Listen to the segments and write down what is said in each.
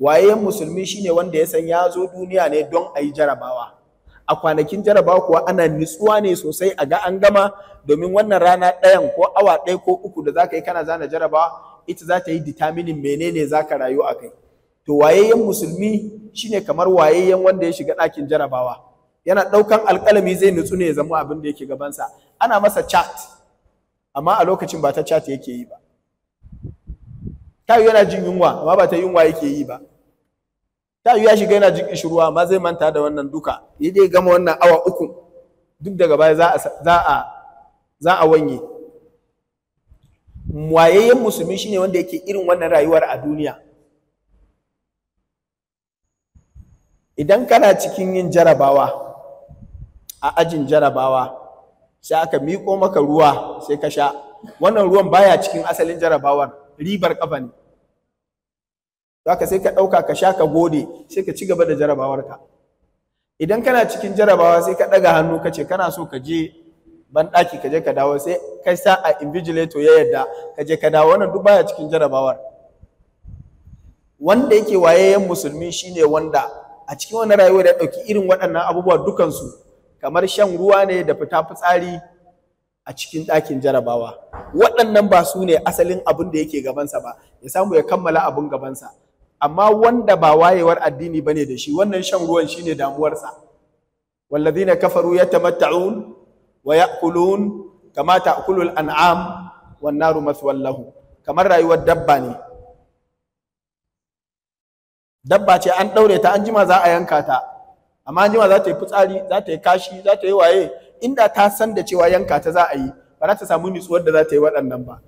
waye musulmi shine wanda ya san ya zo duniya ne don a yi jarabawa a kwanakin jarabawa kuwa ana nutsuwa ne sosai a ga an gama domin wannan rana ɗayan ko awa ɗaya ko uku da zaka yi kana zana jarabawa ita za ta yi determining menene za ka rayu a kai to wayayyen musulmi shine kamar wayayyen wanda ya shiga ɗakin jarabawa yana ɗaukan alƙalami zai nutsu ne ya zama abin da yake gabansa ana masa chat amma a lokacin ba ta chat yake yi ba kayu yana jin yunwa amma ba ta yunwa yake yi ba ta yi ya shiga yana jin kishirwa ma zai manta da wannan duka ya dai gama wannan awa uku duk daga baya za a za a wanye wayayyen musulmi shine wanda yake irin wannan rayuwar a duniya idan kana cikin yin jarabawa a ajin jarabawa sai aka miƙo maka ruwa sai ka sha wannan ruwan baya cikin asalin jarabawar ribar kafa ne haka sai ka ɗauka ka sha ka gode sai ka ci gaba da jarabawarka idan kana cikin jarabawa sai ka ɗaga hannu ka ce kana so ka je ban ɗaki ka je ka dawo sai kai sa a invigilator ya yarda ka je ka dawo wannan duk baya cikin jarabawar wanda yake wayayyen musulmi shine wanda a cikin wani rayuwa ya ɗauki irin waɗannan abubuwa dukansu kamar shan ruwa ne da fita fitsari a cikin ɗakin jarabawa waɗannan ba su ne asalin abin da yake gabansa ba ya samu ya kammala abin gabansa amma wanda ba wayewar addini bane da shi wannan shan ruwan shine damuwarsa walladhina kafaru yatamatta'un wa ya'kulun kama kulun an'am wan naru Wallahu. kamar rayuwar dabba ne dabba ce an daure ta an jima za a yanka ta amma an jima za ta yi fitsari za ta yi kashi za ta yi waye inda ta san da cewa yanka ta za a yi ba za ta samu nutsuwar da za ta yi waɗannan ba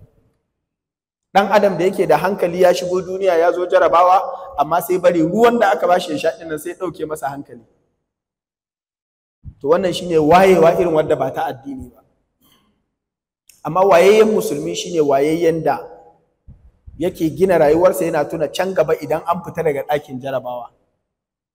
dan adam da yake da hankali ya shigo duniya ya zo jarabawa amma sai bari ruwan da aka bashi ya sha dinnan sai dauke masa hankali to wannan shine wayewa irin wanda ba ta addini ba amma wayayyen musulmi shine wayayyen da yake gina rayuwarsa yana tuna can gaba idan an fita daga ɗakin jarabawa